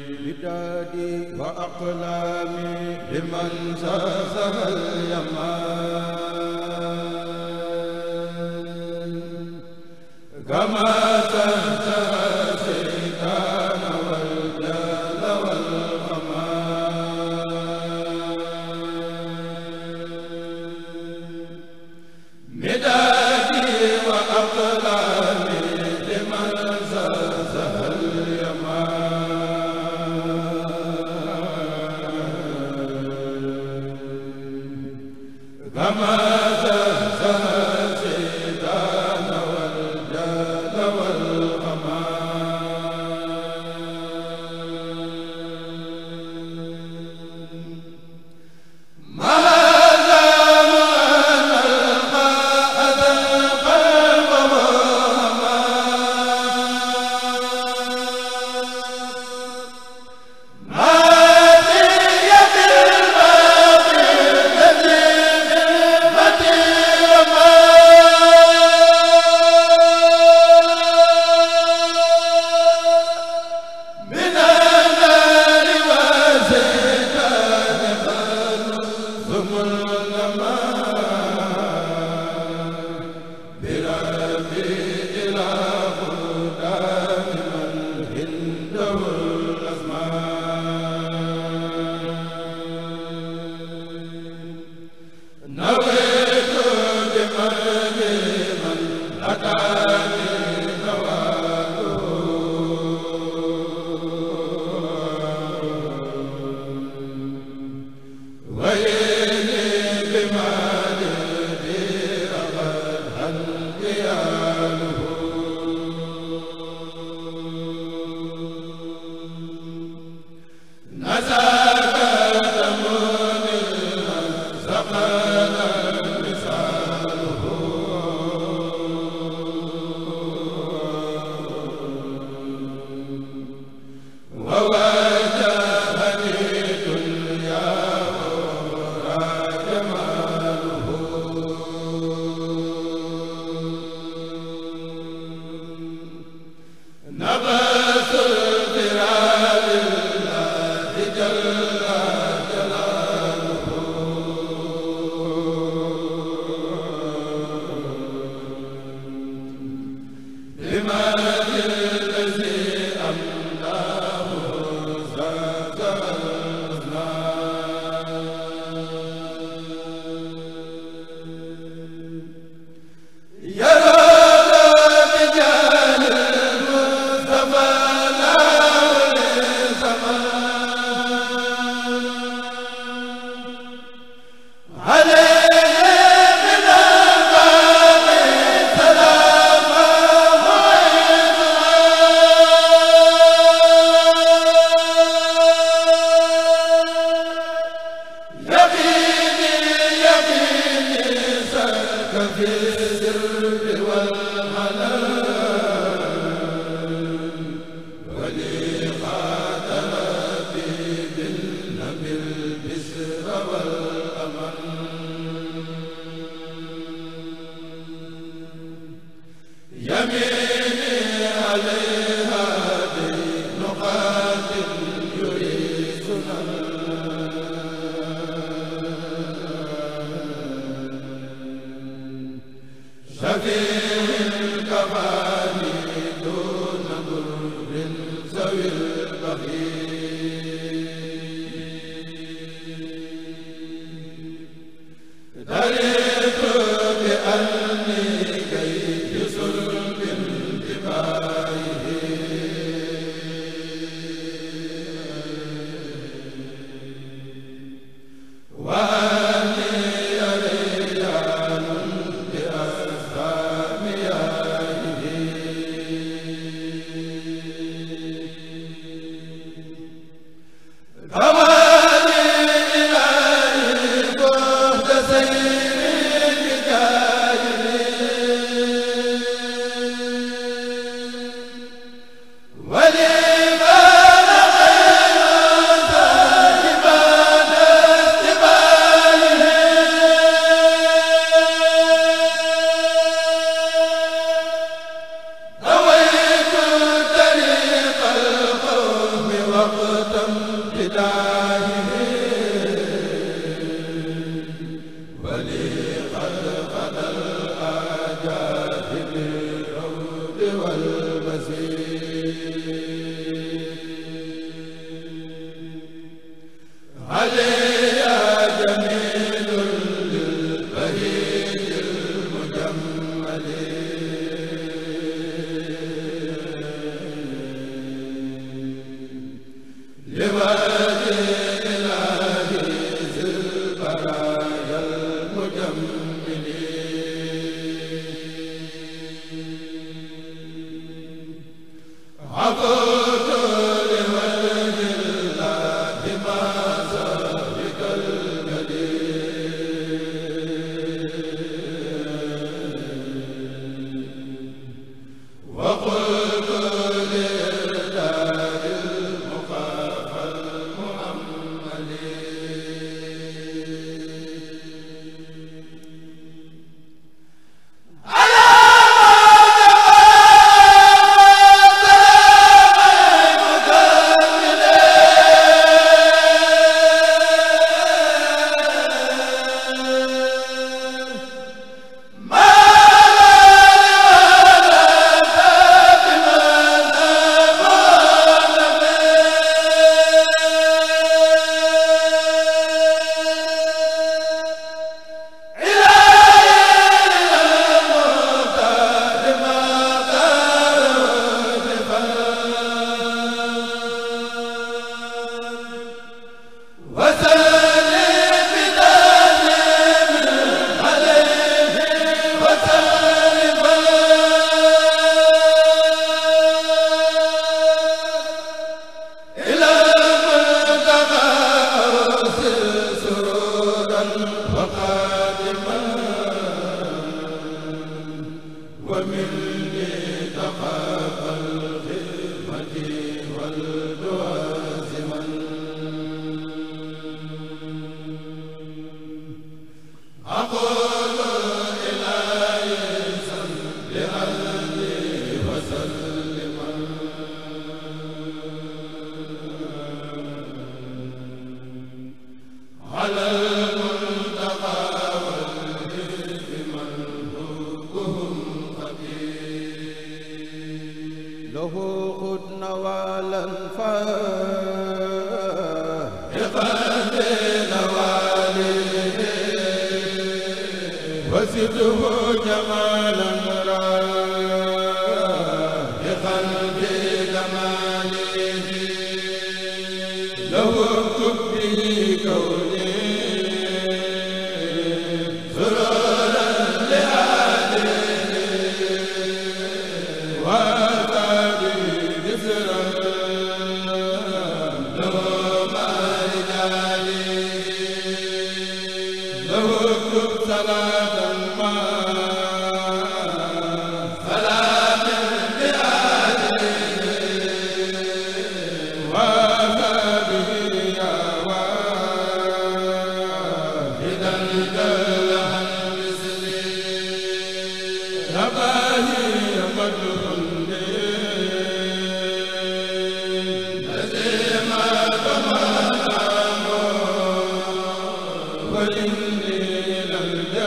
بدادي وأقلامي لمن زازها اليمن كما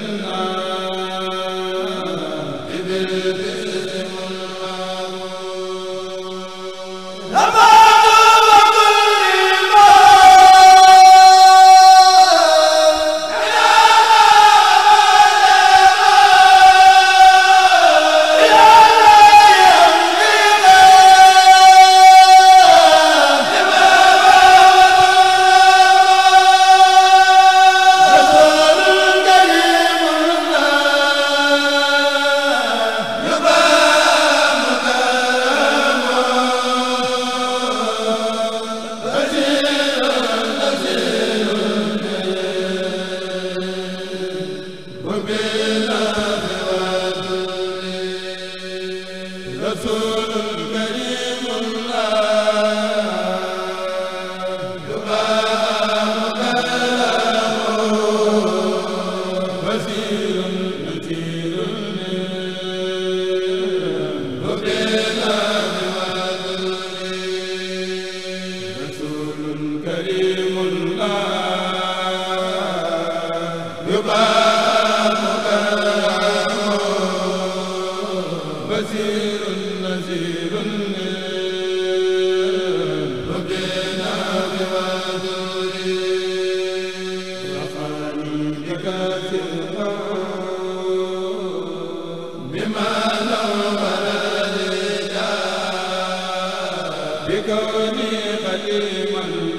janna بكوني خليما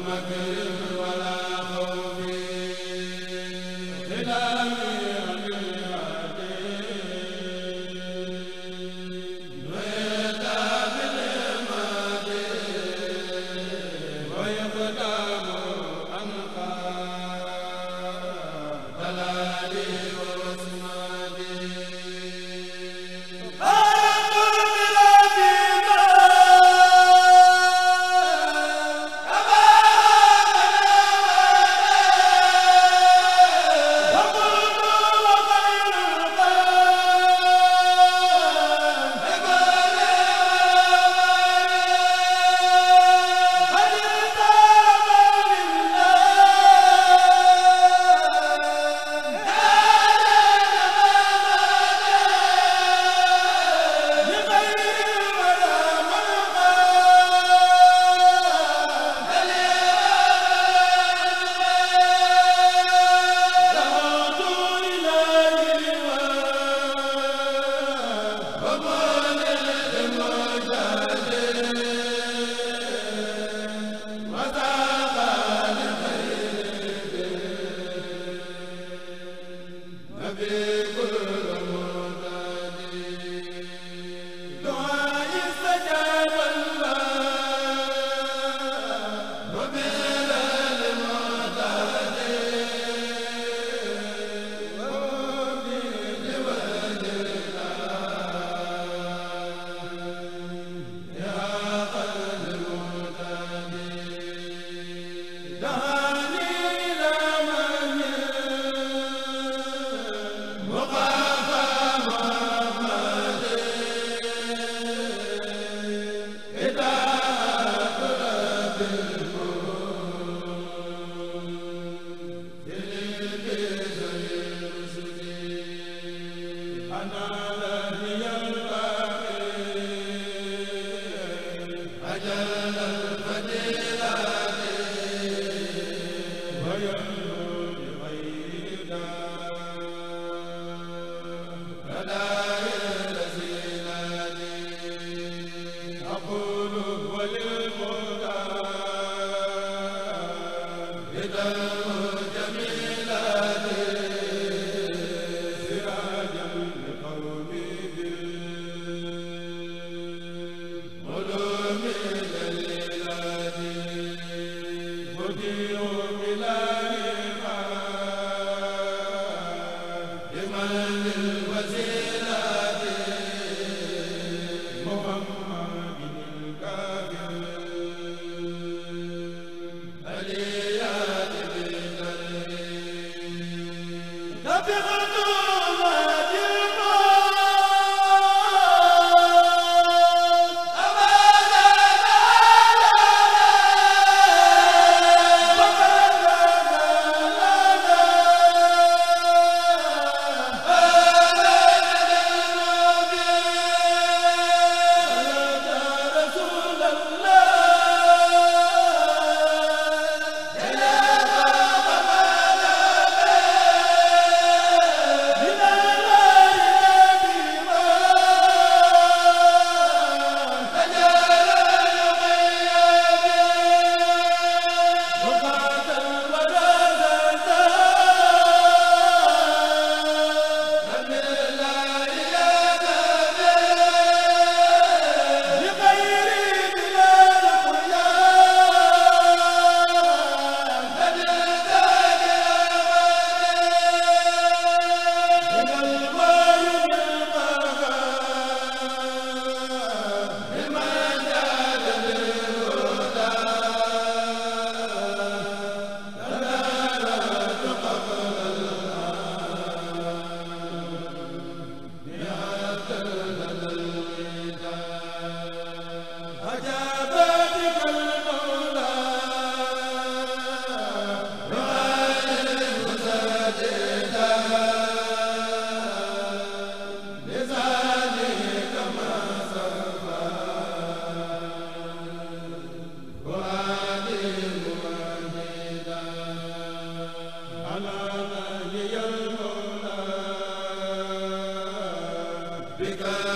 wala rabbika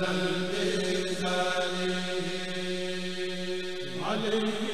ذا البخاري عليه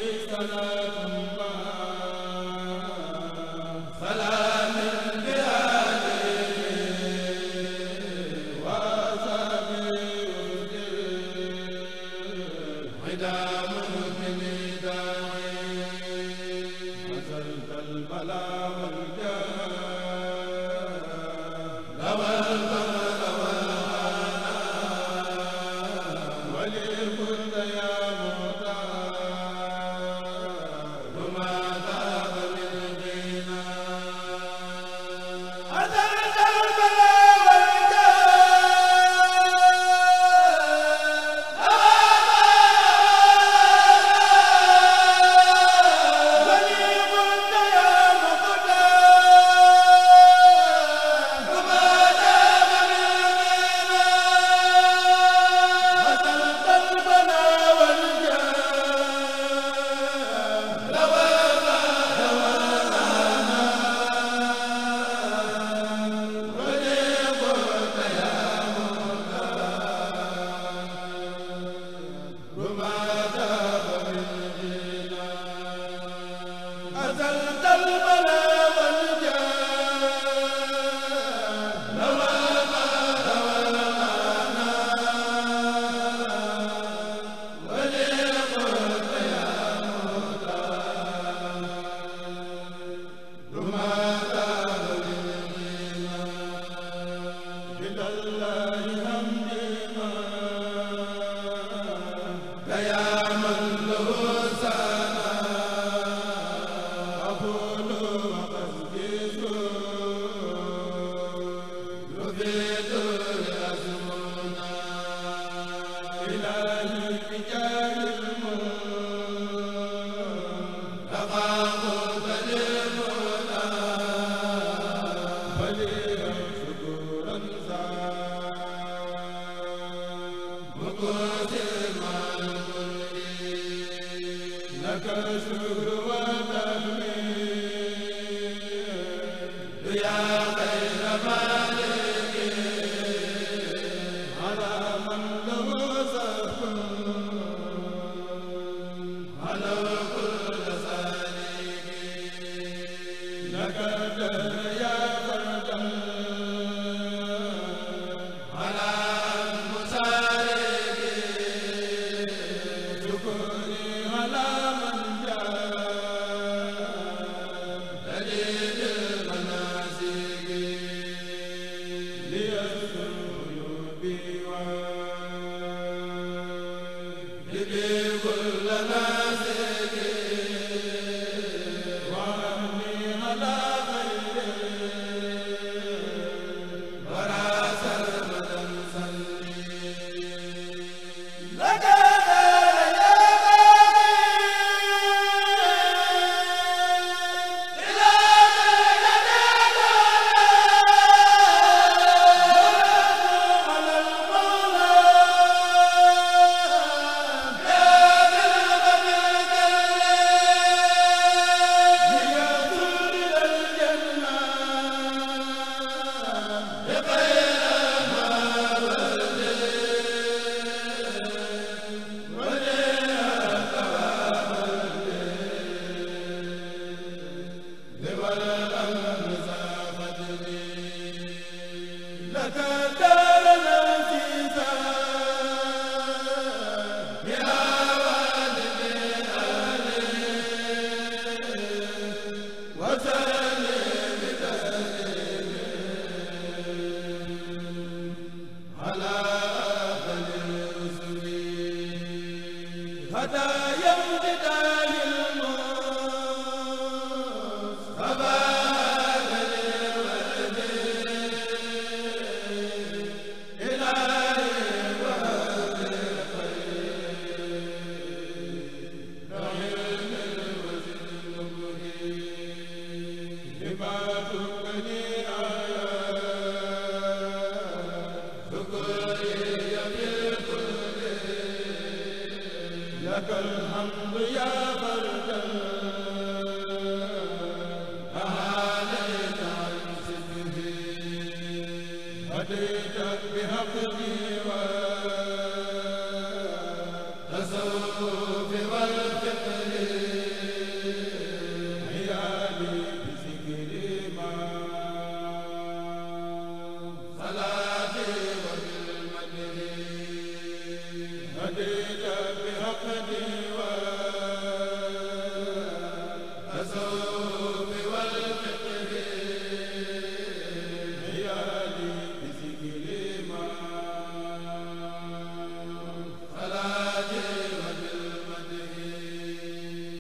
lakal hamdu ya fardal